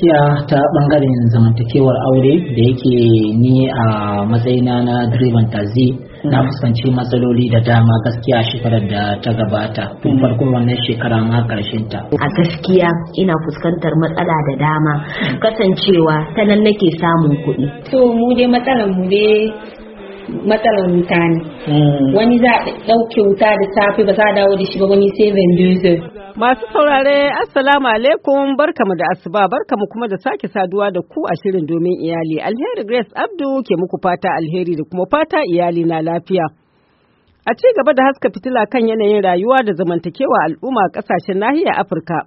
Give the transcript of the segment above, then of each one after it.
gaskiya ta bangaren zamantakewar aure da yake ni a matsayina na direban tazi na mm. fuskanci matsaloli da dama gaskiya shekarar da ta gabata tun mm. farkon wannan shekara ma karshen ta a gaskiya ina fuskantar matsala da dama kasancewa ta nan nake samun kuɗi to mu dai matsalar mu dai matsalar mutane. Hmm. wani za a ɗauke wuta da safe ba za a dawo da shi ba wani seven dozen masu saurare assalamu alaikum barkamu da asuba barkamu kuma da sake saduwa da ku a shirin domin iyali alheri grace abdu ke muku fata alheri da kuma fata iyali na lafiya a ci gaba da haska fitila kan yanayin rayuwa da zamantakewa al'umma a kasashen nahiyar afirka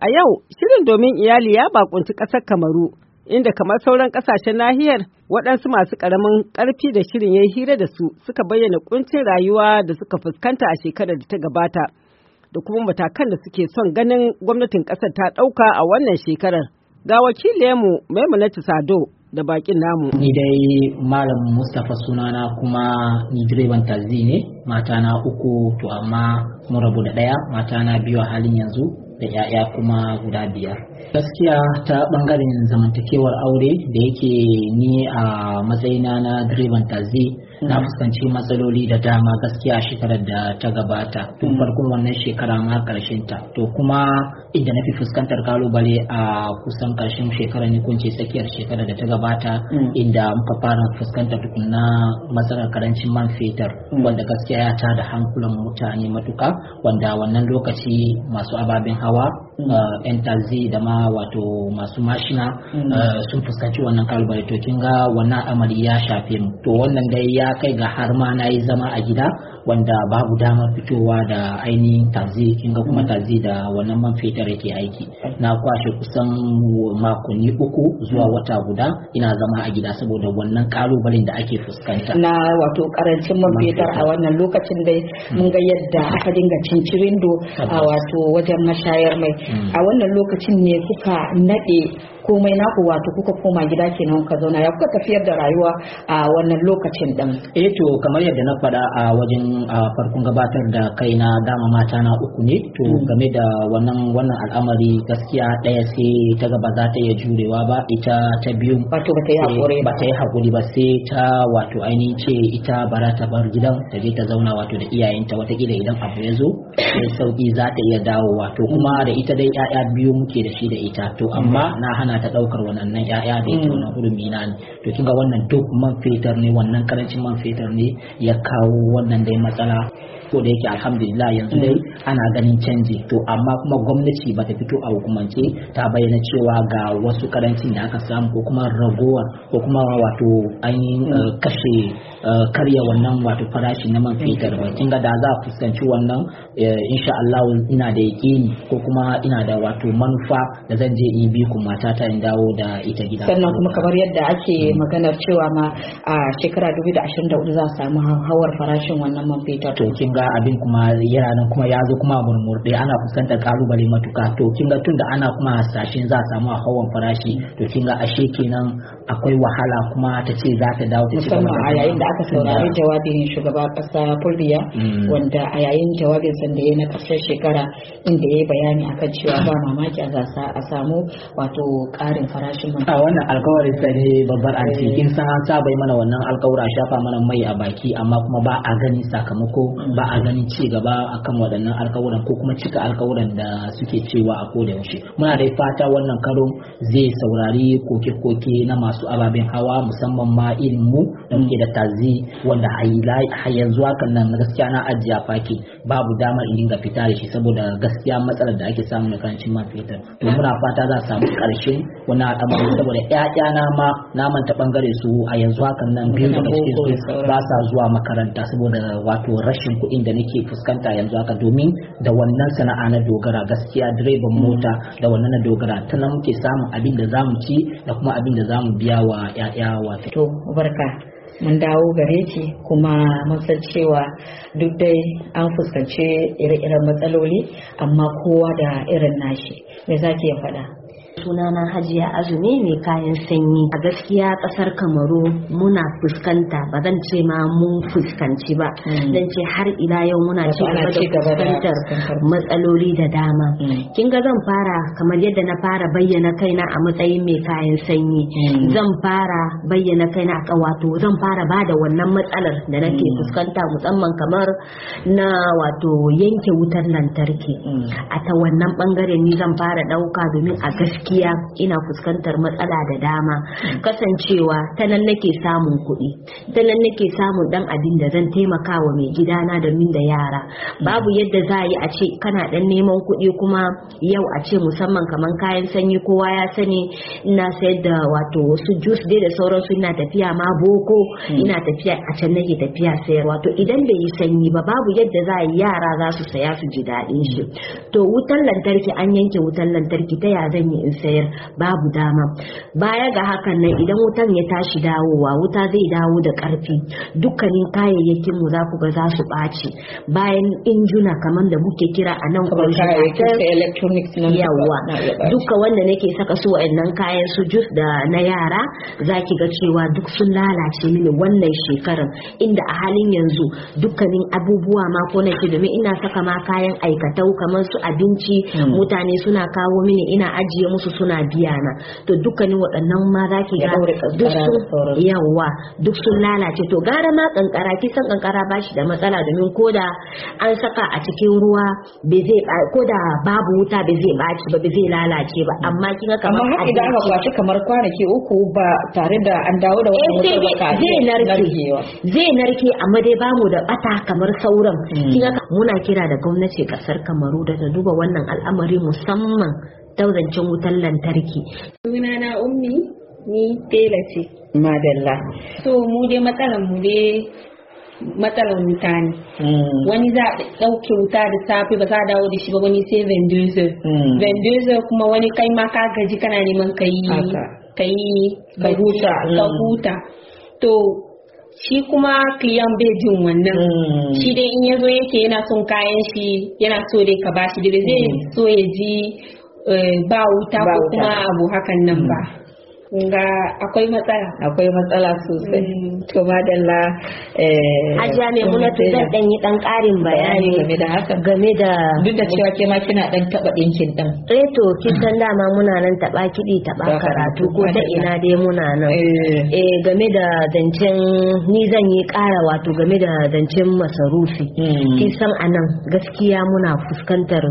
a yau shirin domin iyali ya bakunci ƙasar kamaru inda kamar sauran kasashen nahiyar waɗansu masu ƙaramin ƙarfi da shirin ya hira da su suka bayyana ƙuncin rayuwa da suka fuskanta a shekarar da ta gabata da kuma matakan da suke son ganin gwamnatin ƙasar ta ɗauka a wannan shekarar ga wakilinmu maimunatu sado da bakin namu. Ni dai Malam Mustapha sunana kuma ni direban tazi ne, matana uku to amma mun rabu da ɗaya, matana biyu a halin yanzu. da 'ya'ya kuma guda biyar gaskiya ta bangaren zamantakewar aure da yake ni a matsayina na direban tazi na mm. fuskanci matsaloli da dama gaskiya shekarar da ta gabata tun mm. farkon wannan shekara ma karshen ta to kuma inda na fi fuskantar kalubale a kusan karshen ne kun kunce tsakiyar shekara da ta gabata mm. inda muka fara fuskantar tukunna matsalar karancin man fetur wanda gaskiya ya da hankulan mutane matuka wanda wannan lokaci masu ababen hawa yan mm. uh, tazi da ma wato masu mashina mm. uh, sun fuskanci wannan kalubale to kin ga wannan amari ya shafe mu to wannan dai ya kai ga har ma na yi zama a gida wanda babu damar fitowa da ainihin tazi kin ga kuma tazi da wannan man fetare ke aiki na kwashe kusan makonni uku zuwa wata guda ina zama a gida saboda wannan kalubalen da ake fuskanta na wato karancin man fetar a wannan lokacin dai hmm. mun ga yadda aka dinga cincirindo a wato wajen mashayar mai hmm. a wannan lokacin ne kuka nade komai naku wato kuka koma gida kenan ka zauna ya kuka tafiyar da rayuwa a wannan lokacin din eh to kamar yadda na faɗa a wajen a farkon gabatar da kai na dama mata na uku ne to mm. game da wannan wannan al'amari gaskiya ɗaya sai ta gaba za ta iya jurewa ba ita ta biyu wato ba ta yi hakuri eh, ba ta yi hakuri ba sai ta wato ainihin ce ita bara ta bar gidan ta je ta zauna wato da iyayenta watakila idan abu ya zo sai sauki za ta iya dawo wato mm. kuma da ita dai 'ya'ya biyu muke da shi da ita to amma mm. na hana ta ɗaukar wannan ƴaƴa da ita wannan hurumi na ne to kinga wannan duk man fetar ne wannan karancin man fetar ne ya kawo wannan dai 咋啦？ko da yake alhamdulillah yanzu dai ana ganin canji to amma kuma gwamnati ba bata fito a hukumance ta bayyana cewa ga wasu karancin da aka samu ko kuma ragowar ko kuma wato yi eh, kashe eh, karya wannan wato farashi na man fetur ba kin ga da za a fuskanci wannan eh, insha Allah ina da yakini ko kuma ina da wato manufa da zan je in bi ku ta in dawo da ita gida sannan kuma kamar yadda ake mm. maganar cewa ma a shekara 2024 za a samu hawar farashin wannan man fetur to kin ga abin kuma yana nan kuma ya zo kuma murmurde ana kusantar kalubale matuka to kinga ga tunda ana kuma hasashen za a samu a hawan farashi to kinga ashe kenan akwai wahala kuma ta ce za ta dawo ta ci gaba a yayin da aka saurari jawabin shugaba kasa Fulbiya mm. wanda a yayin jawabin san da na karshen shekara inda ya bayani akan cewa ba mamaki a a samu wato karin farashin man a wannan alkawari sa ne babbar anti eh. in san an saba mana wannan alkawura shafa mana mai a baki amma kuma ba a gani sakamako ba a gani ci gaba akan waɗannan alkawuran ko kuma cika alkawuran da suke cewa a koda yaushe muna da fata wannan karo zai saurari koke-koke na masu masu ababen hawa musamman ma irin da muke da tazi wanda har yanzu hakan nan gaskiya na ajiya faki babu damar in dinga fita da shi saboda gaskiya matsalar da ake samu na karancin man fetur to muna fata za a samu karshen wani al'amari saboda ƴaƴa na ma na manta bangare su a yanzu hakan nan biyu da cikin su ba sa zuwa makaranta saboda wato rashin kuɗin da nake fuskanta yanzu haka domin da wannan sana'a na dogara gaskiya direban mota da wannan na dogara ta nan muke samun abin da zamu ci da kuma abin da zamu bi. biya wa ‘ya'ya wata. To, barka. mun dawo gare ki kuma mun san cewa duk dai an fuskanci ire-iren matsaloli amma kowa da irin nashi me za ki ya faɗa sunana hajiya azumi mai kayan sanyi a gaskiya kasar kamaru muna fuskanta ba zan ce ma mun fuskanci ba hmm. zan ce har ila yau muna ci gaba da fuskantar matsaloli da dama hmm. kin ga zan fara kamar yadda na fara bayyana kaina a matsayin mai kayan sanyi hmm. zan fara bayyana kaina a wato zan fara ba da wannan matsalar da nake fuskanta musamman kamar na wato yanke wutar lantarki a ta wannan bangare ni zan fara dauka domin a gaskiya gaskiya ina fuskantar matsala da dama kasancewa ta nan nake samun kuɗi ta nan nake samun dan abin da zan taimaka wa mai gidana da min da yara babu yadda za yi a ce kana dan neman kuɗi kuma yau a ce musamman kamar kayan sanyi kowa ya sani ina sayar da wato wasu jus dai da sauransu ina tafiya ma boko hmm. ina tafiya a can nake tafiya sayar wato idan bai yi sanyi ba babu yadda za yi yara za su saya su ji daɗin shi to wutar lantarki an yanke wutar lantarki ta ya zan yi in sayar babu dama baya ga hakan nan idan wutan ya tashi dawowa wuta zai dawo da karfi dukkanin kayayyakin mu za ku ga za su ɓaci bayan injuna kamar da muke kira a nan yawa duka wanda nake saka su wa'annan kayan su jus da na yara zaki ga cewa duk sun lalace mini wannan shekarar inda a halin yanzu dukkanin abubuwa ma ko nake domin ina saka ma kayan aikatau kamar su abinci hmm. mutane suna kawo mini ina ajiye musu wasu suna biya na to dukkanin waɗannan ma za ki ga yawa duk sun lalace to gara ma kankara san kankara ba shi da matsala domin koda an saka a cikin ruwa bai zai koda babu wuta bai zai baci ba bai zai lalace ba amma kin ga kamar amma idan aka kwaci kamar kwanaki uku ba tare da an dawo da wannan wuta eh, ba ka zai narke zai narke amma dai bamu da bata kamar sauran hmm. kin ga muna kira da gwamnati kasar Kamaru da ta duba wannan al'amari musamman zancen wutar lantarki. Suna na ummi ni tela ce. Madalla. So mu dai matsalar mu ne matsalar wuta ne. Mm. Wani za a ɗauke wuta da safe ba za a dawo da shi ba wani sai vendozer. Mm. Vendozer kuma wani kai ma ka gaji kana neman ka yi. Ka yi ka huta. Ka mm. huta. To shi kuma kiyan bejin wannan shi dai in ya zo yake yana son kayan shi yana so dai ka bashi da zai so ya ji Eh, ba wuta ko kuma abu hakan nan ba ga akwai matsala akwai matsala sosai mm. to madalla eh ajiya ne mun to zan dan yi dan karin bayani game da haka game da duk da cewa ke ma kina dan taba dinkin din eh to kin san dama muna nan taba kidi taba karatu ko ta ina dai muna nan eh. eh game da zancen ni zan yi kara wato game da zancen masarufi mm. kin san anan gaskiya muna fuskantar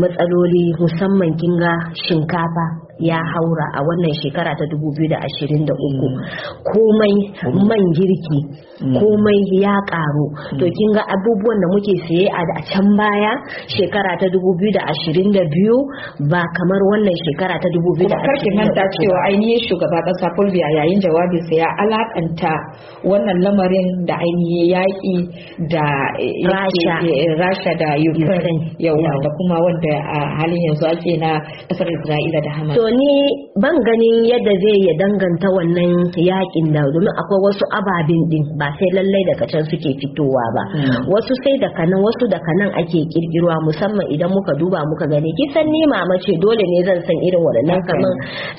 matsaloli musamman kinga shinkafa ya haura a wannan shekara ta 2023 komai man girki mm. komai ya karu mm. to kin ga abubuwan da muke saye a can baya shekara ta 2022 ba kamar wannan shekara ta 2023 kuma karki manta cewa ainihin shugaba kasa fulbiya yayin jawabin sa ya alakanta wannan lamarin da ainihin yaki da eh, rasha da ukraine yau da kuma wanda a halin yanzu ake na kasar isra'ila da hamas ni ban ganin yadda zai ya danganta wannan yakin da domin akwai wasu ababin din ba sai lallai daga can suke fitowa ba hmm. wasu sai daga nan wasu daga nan ake kirkirwa musamman idan muka duba muka gani kisan ni mama ce dole ne zan san irin waɗannan kaman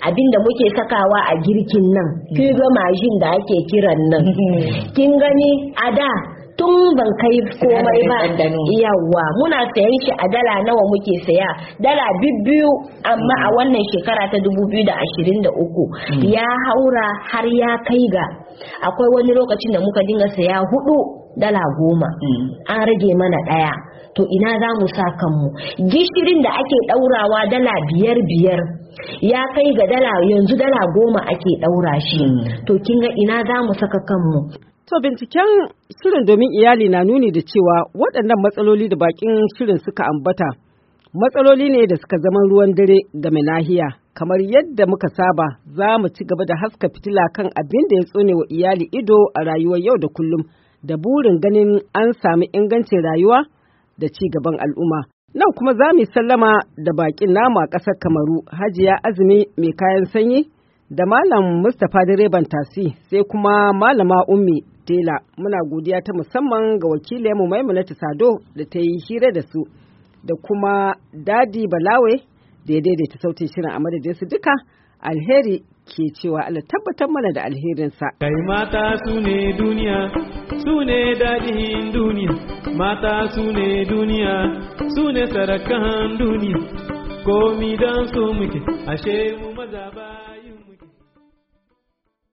abin da muke sakawa a girkin nan kiga hmm. majin da ake kiran nan hmm. kin gani a da tun ban kai komai ba yawa muna sayan shi a dala nawa muke saya dala biyu amma a wannan shekara ta 2023 hmm. ya haura har ya kai ga akwai wani lokacin da muka dinga saya hudu dala goma hmm. an rage mana daya to ina za mu sa kanmu gishirin da ake daurawa dala biyar biyar ya kai ga dala yanzu dala goma ake daura shi hmm. to kin ga ina za mu saka kanmu To binciken shirin domin iyali na nuni da cewa waɗannan matsaloli da bakin shirin suka ambata matsaloli ne da suka zama ruwan dare game nahiya kamar yadda muka saba za mu ci gaba da haska fitila kan abin da ya tsone wa iyali ido a rayuwar yau da kullum da burin ganin an sami ingancin rayuwa da ci gaban al'umma. Nan kuma za mu sallama da bakin nama a ƙasar Kamaru Hajiya Azumi mai kayan sanyi da Malam Mustapha direban tasi sai kuma Malama Ummi Dela muna godiya ta musamman ga wakilinmu Maimunatu Sado da ta yi hira da su da kuma Dadi Balawe da ya daidaita sautin shirin a madadin su duka alheri ke cewa Allah tabbatar mana da alherinsa. Kai mata su ne duniya, su ne daɗin duniya, mata su ne duniya, su ne sarakan duniya, komi don su muke, ashe mu maza ba.